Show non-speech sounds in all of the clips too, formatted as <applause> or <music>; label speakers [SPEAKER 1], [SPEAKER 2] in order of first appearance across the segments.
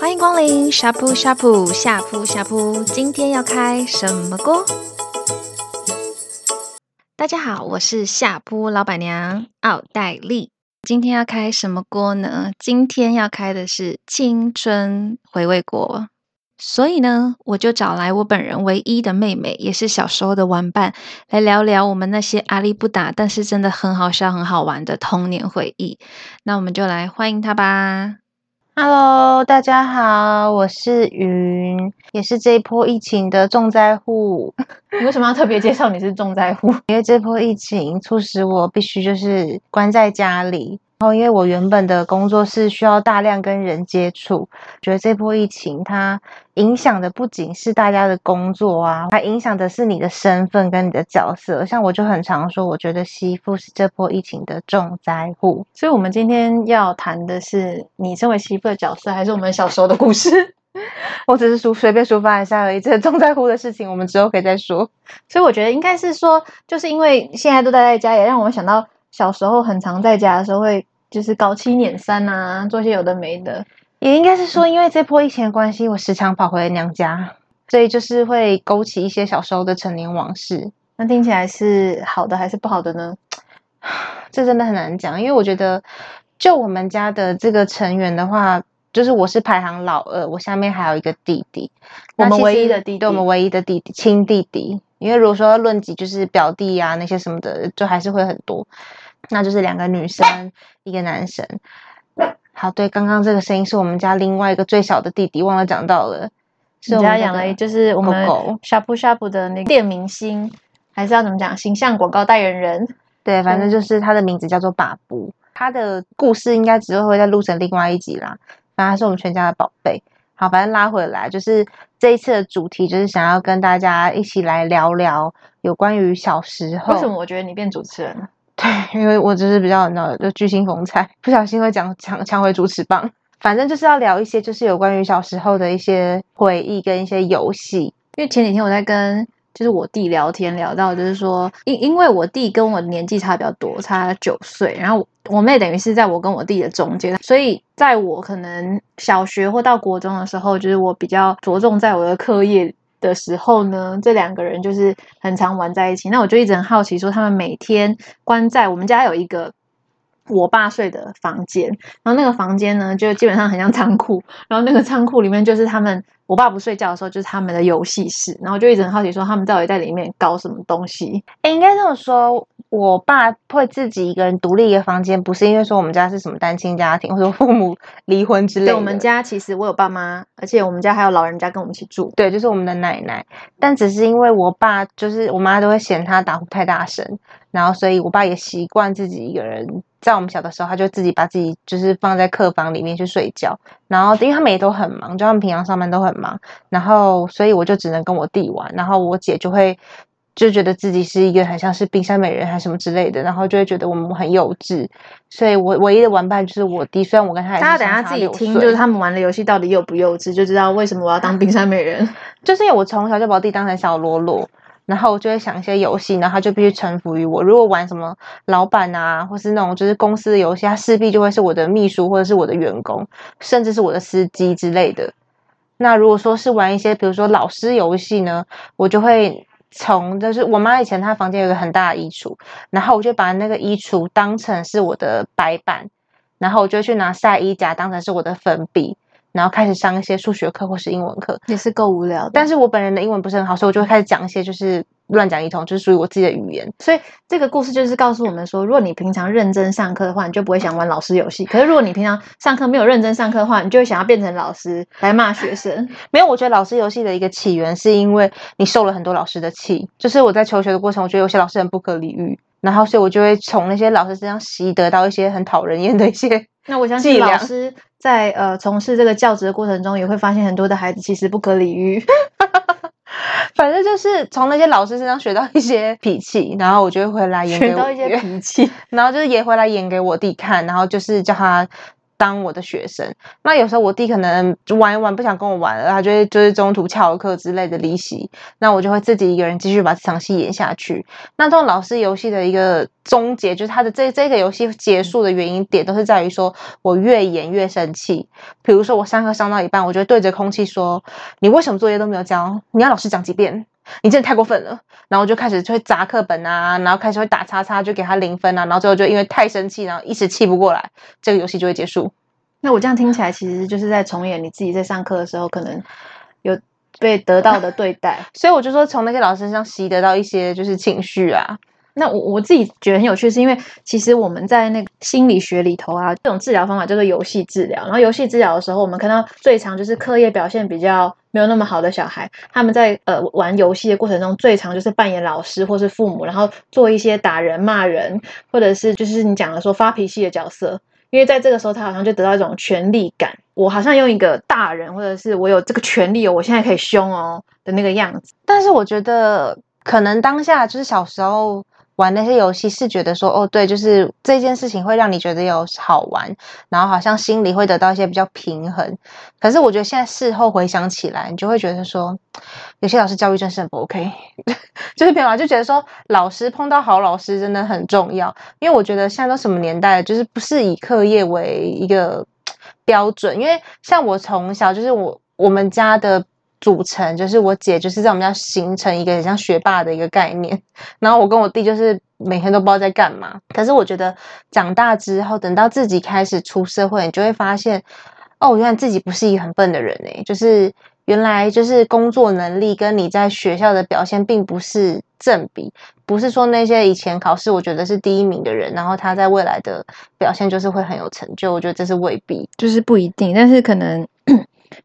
[SPEAKER 1] 歡迎光臨呷哺呷哺呷哺呷哺，今天要開什麼鍋？大家好，我是呷哺老闆娘奧黛莉。今天要開什麼鍋呢？今天要開的是青春回味鍋，所以呢，我就找來我本人唯一的妹妹，也是小時候的玩伴，來聊聊我們那些阿里不達，但是真的很好笑、很好玩的童年回憶。那我們就來歡迎她吧。Hello，大家好，我是雲，也是這一波疫情的重災戶。 <laughs> 你為什麼要特別介紹你是重災戶？ <laughs> 因為這波疫情促使我必須就是關在家裡，然、哦、後因為我原本的工作是需要大量跟人接觸，覺得這波疫情它。影響的不僅是大家的工作啊，還影響的是你的身份跟你的角色。像我就很常說，我覺得媳婦是這波疫情的重災戶。所以，我們今天要談的是你身為媳婦的角色，還是我們小時候的故事？ <laughs> 我只是抒隨便抒发一下而已。這重災戶的事情，我們之後可以再說。所以，我覺得應該是說，就是因為現在都待在家，也讓我們想到小時候很常在家的時候，會就是搞七捻三啊，做些有的沒的。也應該是說，因為這波疫情的關係，我時常跑回娘家，所以就是會勾起一些小時候的陳年往事。那聽起來是好的還是不好的呢？這真的很難講，因為我覺得，就我們家的這個成員的話，就是我是排行老二，我下面還有一個弟弟，我們唯一的弟弟，對，我們唯一的弟弟，親弟弟。因為如果說論及就是表弟呀、啊、那些什麼的，就還是會很多。那就是兩個女生，嗯、一個男生。好，對，剛剛這個聲音是我們家另外一個最小的弟弟，忘了講到了。是，我們家養了，就是我們 Shabu Shabu 的那個店明星，還是要怎麼講？形象廣告代言人？對，反正就是他的名字叫做巴布。他的故事應該只會在錄成另外一集啦。那他是我們全家的寶貝。好，反正拉回來，就是這一次的主題，就是想要跟大家一起來聊聊有關於小時候。為什麼我覺得你變主持人了？對，因為我就是比較腦就巨星風采，不小心會講搶搶回主持棒。反正就是要聊一些，就是有關於小時候的一些回憶跟一些遊戲。因為前幾天我在跟就是我弟聊天，聊到就是說，因因為我弟跟我年紀差比較多，差九歲，然後我，我妹等於是在我跟我弟的中間，所以在我可能小學或到國中的時候，就是我比較着重在我的課業裡。的時候呢，這兩個人就是很常玩在一起。那我就一直很好奇，說他們每天關在我們家有一個我爸睡的房間，然後那個房間呢，就基本上很像倉庫。然後那個倉庫裡面就是他們，我爸不睡覺的時候，就是他們的遊戲室。然後就一直很好奇，說他們到底在裡面搞什麼東西？應該這麼說。我爸會自己一個人獨立一個房間，不是因為說我們家是什麼單親家庭，或者父母離婚之類的。對，我們家其實我有爸媽，而且我們家還有老人家跟我們一起住。對，就是我們的奶奶。但只是因為我爸，就是我媽都會嫌他打呼太大聲，然後所以我爸也習慣自己一個人。在我們小的時候，他就自己把自己就是放在客房裡面去睡覺。然後，因為他們也都很忙，就他們平常上班都很忙，然後所以我就只能跟我弟玩，然後我姐就會。就覺得自己是一個很像是冰山美人，還什麼之類的，然後就會覺得我們很幼稚。所以我唯一的玩伴就是我弟，雖然我跟他也差六歲。大家等下自己聽，就是他們玩的遊戲到底幼不幼稚，就知道為什麼我要當冰山美人。 <laughs> 就是因為我從小就把我弟當成小嘍囉，然後我就會想一些遊戲，然後他就必須臣服於我。如果玩什麼老板啊，或是那種就是公司的遊戲，他勢必就會是我的秘書，或者是我的員工，甚至是我的司機之類的。那如果說是玩一些，比如說老師遊戲呢，我就會。從就是我媽以前她房間有個很大的衣櫥，然後我就把那個衣櫥當成是我的白板，然後我就去拿曬衣架當成是我的粉筆。然後開始上一些數學課或是英文課，也是夠無聊的。但是我本人的英文不是很好，所以我就會開始講一些，就是亂講一通，就是屬於我自己的語言。所以這個故事就是告訴我們說，如果你平常認真上課的話，你就不會想玩老師遊戲。可是如果你平常上課沒有認真上課的話，你就會想要變成老師來罵學生。沒有，我覺得老師遊戲的一個起源是因為你受了很多老師的氣。就是我在求學的過程，我覺得有些老師很不可理喻，然後所以我就會從那些老師身上習得到一些很討人厭的一些。那我相信老師在量呃從事這個教職的過程中，也會發現很多的孩子其實不可理喻。 <laughs> 反正就是從那些老師身上學到一些脾氣，然後我就會回來演，學到一些脾氣，然後就是也回來演給我弟看，然後就是叫他，當我的學生，那有時候我弟可能玩一玩，不想跟我玩了，他就會就是中途翹課之類的離席，那我就會自己一個人繼續把這場戲演下去。那這種老師遊戲的一個終結，就是他的這這個遊戲結束的原因點，都是在於說我越演越生氣。比如說我上課上到一半，我就會對着空氣說：“你為什麼作業都沒有交？你要老師講幾遍？”你真的太過分了，然後就開始就會砸課本啊，然後開始會打叉叉，就給他零分啊，然後最後就因為太生氣，然後一時氣不過來，這個遊戲就會結束。那我這樣聽起來，其實就是在重演你自己在上課的時候可能有被得到的對待。 <laughs> 所以我就說從那些老師身上習得到一些就是情緒啊。那我我自己覺得很有趣，是因為其實我們在那個心理學裡頭啊，這種治療方法叫做遊戲治療。然後遊戲治療的時候，我們看到最常就是課業表現比較。沒有那麼好的小孩，他們在呃玩遊戲的過程中，最常就是扮演老師或是父母，然後做一些打人、罵人，或者是就是你講的說發脾氣的角色，因為在這個時候他好像就得到一種權力感，我好像用一個大人，或者是我有這個權力、哦，我現在可以凶哦的那個樣子。但是我覺得可能當下就是小時候。玩那些遊戲是覺得說哦對，就是這件事情會讓你覺得有好玩，然後好像心裡會得到一些比較平衡。可是我覺得現在事後回想起來，你就會覺得說，有些老師教育方式很不 OK， <laughs> 就是沒有，就覺得說老師碰到好老師真的很重要。因為我覺得現在都什麼年代了，就是不是以課業為一個標準。因為像我從小就是我我們家的。組成就是我姐就是在我們家形成一個很像學霸的一個概念，然後我跟我弟就是每天都不知道在幹嘛。可是我覺得長大之後，等到自己開始出社會，你就會發現，哦，原來自己不是一個很笨的人欸。就是原來就是工作能力跟你在學校的表現並不是正比，不是說那些以前考試我覺得是第一名的人，然後他在未來的表現就是會很有成就。我覺得這是未必，就是不一定，但是可能。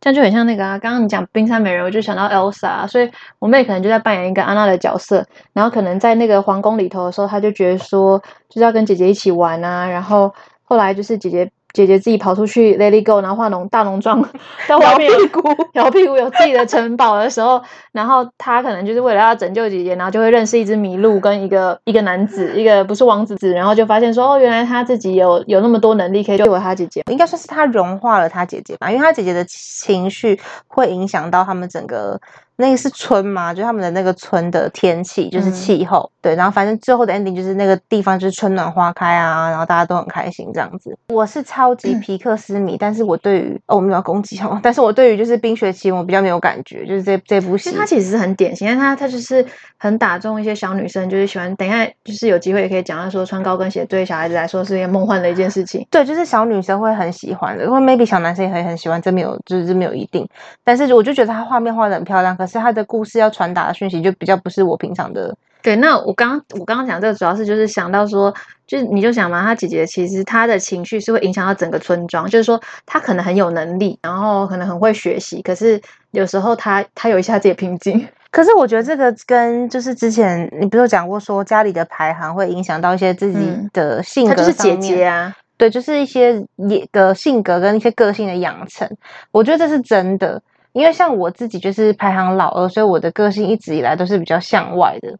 [SPEAKER 1] 這樣就很像那個啊，剛剛你講《冰山美人》，我就想到 Elsa 啊，所以我妹妹可能就在扮演一個安娜的角色，然後可能在那個皇宮裡頭的時候，她就覺得說就是要跟姐姐一起玩啊，然後後來就是姐姐。姐姐自己跑出去，Let it go，然後化濃大濃妝，在搖屁股，後屁股有自己的城堡的時候， <laughs> 然後他可能就是為了要拯救姐姐， <laughs> 然後就會認識一只麋鹿跟一個一個男子，一個不是王子子，然後就發現說，哦，原來他自己有有那麼多能力可以救回他姐姐，應該算是他融化了他姐姐吧，因為他姐姐的情緒會影響到他們整個。那個是春嘛，就他們的那個春的天氣就是氣候，嗯、對，然後反正最後的 ending 就是那個地方就是春暖花開啊，然後大家都很開心這樣子。我是超級皮克斯迷，嗯、但是我對於哦我們要攻擊哦，但是我對於就是冰雪奇緣我比較沒有感覺，就是這這部戲，因為它其實是很典型，但它它就是很打中一些小女生，就是喜歡等一下就是有機會也可以講到說穿高跟鞋對於小孩子來說是件夢幻的一件事情，嗯，對，就是小女生會很喜歡的，因為 maybe 小男生也很很喜歡，這沒有就是這沒有一定，但是我就覺得它畫面畫的很漂亮。可是他的故事要傳達的訊息就比較不是我平常的。對，那我剛我剛剛講這個主要是就是想到說，就是你就想嘛，他姐姐其實他的情緒是會影響到整個村莊，就是說他可能很有能力，然後可能很會學習，可是有時候他他有一下子也平靜。 <laughs> 可是我覺得這個跟就是之前你不是有講過說家裡的排行會影響到一些自己的性格，嗯，他就是姐姐啊，對，就是一些也個性格跟一些個性的養成，我覺得這是真的。因為像我自己就是排行老二，所以我的個性一直以來都是比較向外的，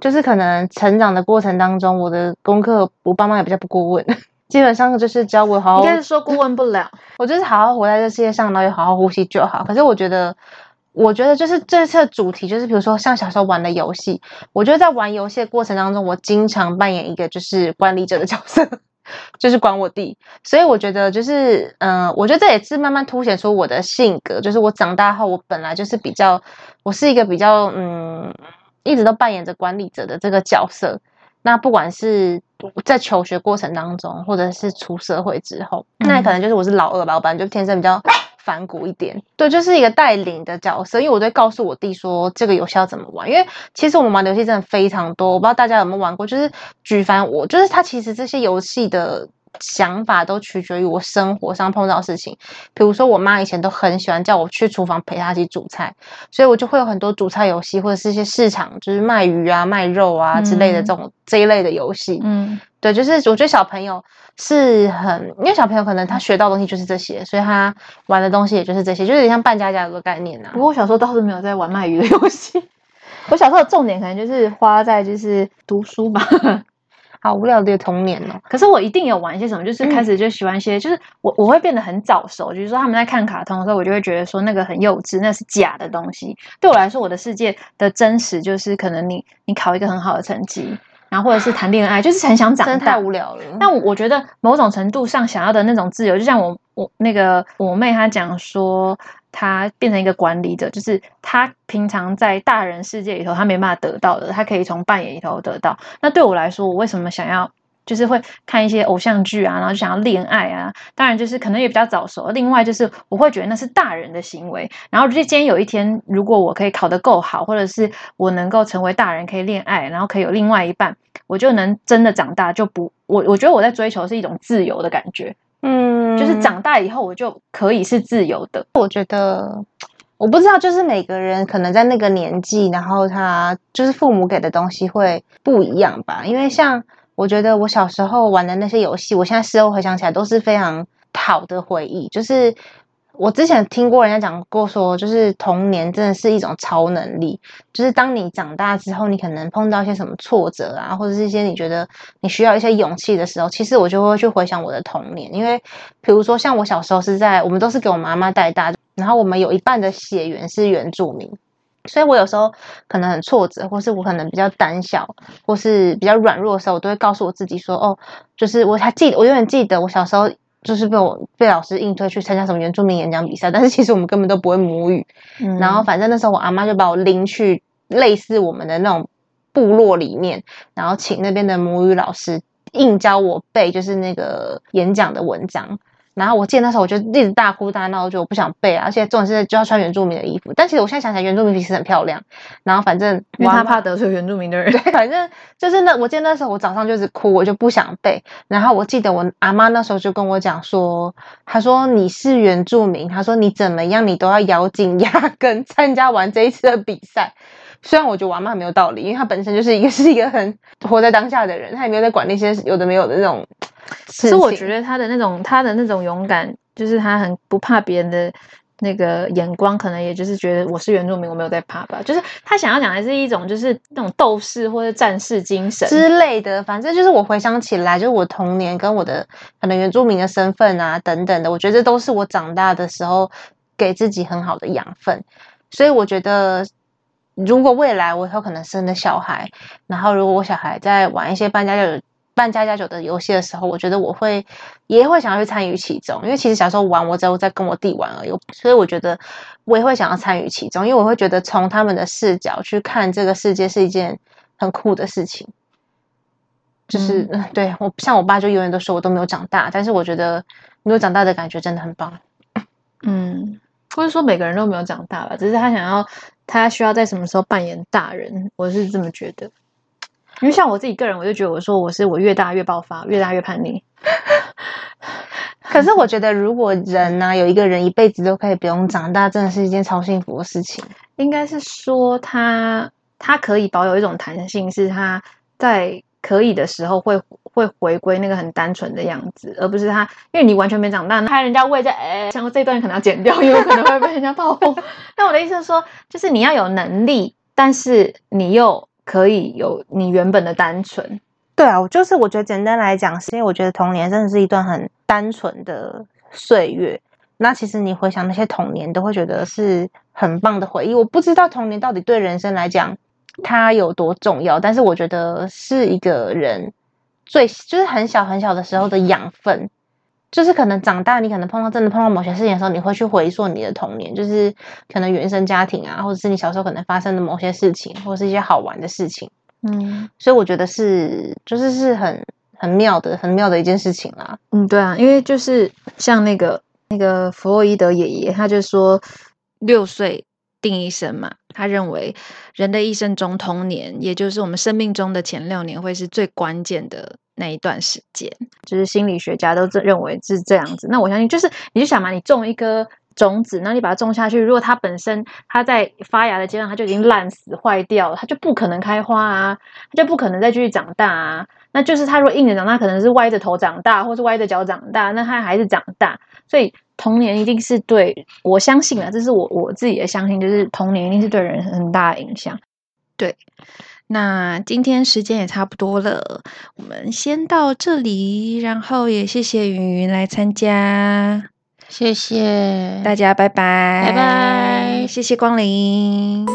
[SPEAKER 1] 就是可能成長的過程當中，我的功課我爸媽也比較不過問，基本上就是教我好好。應該是說過問不了，我就是好好活在這世界上，然後也好好呼吸就好。可是我覺得，我覺得就是這次的主題就是，比如說像小時候玩的遊戲，我覺得在玩遊戲的過程當中，我經常扮演一個就是管理者的角色。就是管我弟，所以我覺得就是，嗯、呃，我覺得這也是慢慢凸顯出我的性格，就是我長大後，我本來就是比較，我是一個比較，嗯，一直都扮演着管理者的這個角色。那不管是在求學過程當中，或者是出社會之後，那也可能就是我是老二吧，我本來就天生比較。反骨一點，對，就是一個帶領的角色，因為我在告訴我弟說這個遊戲要怎麼玩，因為其實我們玩的遊戲真的非常多，我不知道大家有沒有玩過，就是舉凡我就是他其實這些遊戲的。想法都取決於我生活上碰到事情，比如說我媽以前都很喜歡叫我去廚房陪她一起煮菜，所以我就會有很多煮菜遊戲，或者是一些市場，就是賣魚啊、賣肉啊之類的這種、嗯、這一類的遊戲。嗯，對，就是我覺得小朋友是很，因為小朋友可能他學到的東西就是這些，所以他玩的東西也就是這些，就是像扮家家酒的概念吶、啊。不過我小時候倒是沒有在玩賣魚的遊戲， <laughs> 我小時候的重點可能就是花在就是讀書吧。 <laughs> 好無聊的童年哦！可是我一定有玩一些什麼，就是開始就喜歡些，嗯、就是我我會變得很早熟，就是說他們在看卡通的時候，我就會覺得說那個很幼稚，那是假的東西。對我來說，我的世界的真實就是可能你你考一個很好的成績。然後或者是談戀愛，就是很想長大。真的太無聊了。但我，我覺得某種程度上想要的那種自由，就像我我那個我妹她講說，她變成一個管理者，就是她平常在大人世界裡頭她沒辦法得到的，她可以從扮演裡頭得到。那對我來說，我為什麼想要？就是會看一些偶像劇啊，然後就想要戀愛啊。當然，就是可能也比較早熟。另外，就是我會覺得那是大人的行為。然後，就今天有一天，如果我可以考得夠好，或者是我能夠成為大人，可以戀愛，然後可以有另外一半，我就能真的長大，就不，我我覺得我在追求是一種自由的感覺。嗯，就是長大以後我就可以是自由的。我覺得，我不知道，就是每個人可能在那個年紀，然後他就是父母給的東西會不一樣吧，因為像。我覺得我小時候玩的那些遊戲，我現在事後回想起來都是非常好的回憶。就是我之前聽過人家講過說，就是童年真的是一種超能力。就是當你長大之後，你可能碰到一些什麼挫折啊，或者是一些你覺得你需要一些勇氣的時候，其實我就會去回想我的童年。因為比如說像我小時候是在我們都是給我媽媽帶大的，然後我們有一半的血緣是原住民。所以，我有時候可能很挫折，或是我可能比較膽小，或是比較軟弱的時候，我都會告訴我自己說：“哦，就是我還記得，我永遠記得我小時候就是被我被老師硬推去參加什麼原住民演講比賽，但是其實我們根本都不會母語。嗯、然後，反正那時候我阿媽就把我拎去類似我們的那種部落裡面，然後請那邊的母語老師硬教我背，就是那個演講的文章。”然後我記得那時候我就一直大哭大鬧，我覺得我不想背，而且總是就要穿原住民的衣服。但其實我現在想起來，原住民其實很漂亮。然後反正我因為他怕媽媽得罪原住民的人，對，反正就是那我記得那時候我早上就是哭，我就不想背。然後我記得我阿媽那時候就跟我講說，他說你是原住民，他說你怎麼樣你都要咬緊牙根參加完這一次的比賽。雖然我覺得我阿媽很沒有道理，因為她本身就是一個是一個很活在當下的人，她也沒有在管那些有的沒有的那種。其實我覺得他的那種，他的那種勇敢，就是他很不怕別人的那個眼光，可能也就是覺得我是原住民，我沒有在怕吧。就是他想要講的是一種，就是那種鬥士或者戰士精神之類的。反正就是我回想起來，就是我童年跟我的可能原住民的身份、啊等等的，我覺得都是我長大的時候給自己很好的養分。所以我覺得，如果未來我有可能生了小孩，然後如果我小孩再晚一些搬家，就有。扮家家酒的遊戲的時候，我覺得我會也會想要去參與其中，因為其實小時候玩，我只有在跟我弟玩而已，所以我覺得我也會想要參與其中，因為我會覺得從他們的視角去看這個世界是一件很酷的事情。就是、嗯、對，我像我爸就永遠都說我都沒有長大，但是我覺得沒有長大的感覺真的很棒。嗯，不是說每個人都沒有長大吧，只是他想要他需要在什麼時候扮演大人，我是這麼覺得。因為像我自己個人，我就覺得我說我是我越大越爆發，越大越叛逆。 <laughs> 可是我覺得，如果人呢、啊，有一個人一輩子都可以不用長大，真的是一件超幸福的事情。應該是說他，他他可以保有一種彈性，是他在可以的時候會會回歸那個很單純的樣子，而不是他因為你完全沒長大，他人家胃在哎，像、欸、這段可能要剪掉，因為我可能會被人家胖。但 <laughs> 我的意思是說，就是你要有能力，但是你又。可以有你原本的單純，對啊，我就是我覺得簡單來講，是因為我覺得童年真的是一段很單純的歲月。那其實你回想那些童年，都會覺得是很棒的回憶。我不知道童年到底對人生來講，它有多重要，但是我覺得是一個人最，就是很小很小的時候的養分。就是可能長大，你可能碰到真的碰到某些事情的時候，你會去回溯你的童年，就是可能原生家庭啊，或者是你小時候可能發生的某些事情，或者是一些好玩的事情。嗯，所以我覺得是就是是很很妙的很妙的一件事情啦、啊。嗯，對啊，因為就是像那個那個弗洛伊德爺爺，他就說六歲定一生嘛，他認為人的一生中童年，也就是我們生命中的前六年，會是最關鍵的。那一段時間，就是心理學家都認認為是這樣子。那我相信，就是你就想嘛，你種一個種子，那你把它種下去。如果它本身它在發芽的階段，它就已經爛死壞掉了，它就不可能開花啊，它就不可能再繼續長大啊。那就是它如果硬着長大，可能是歪着頭長大，或是歪着腳長大，那它還是長大。所以童年一定是對，我相信啊，這是我我自己也相信，就是童年一定是對人很大影響。對。那今天時間也差不多了，我們先到這裡，然後也謝謝雲雲來參加，謝謝大家，拜拜，拜拜，謝謝光臨。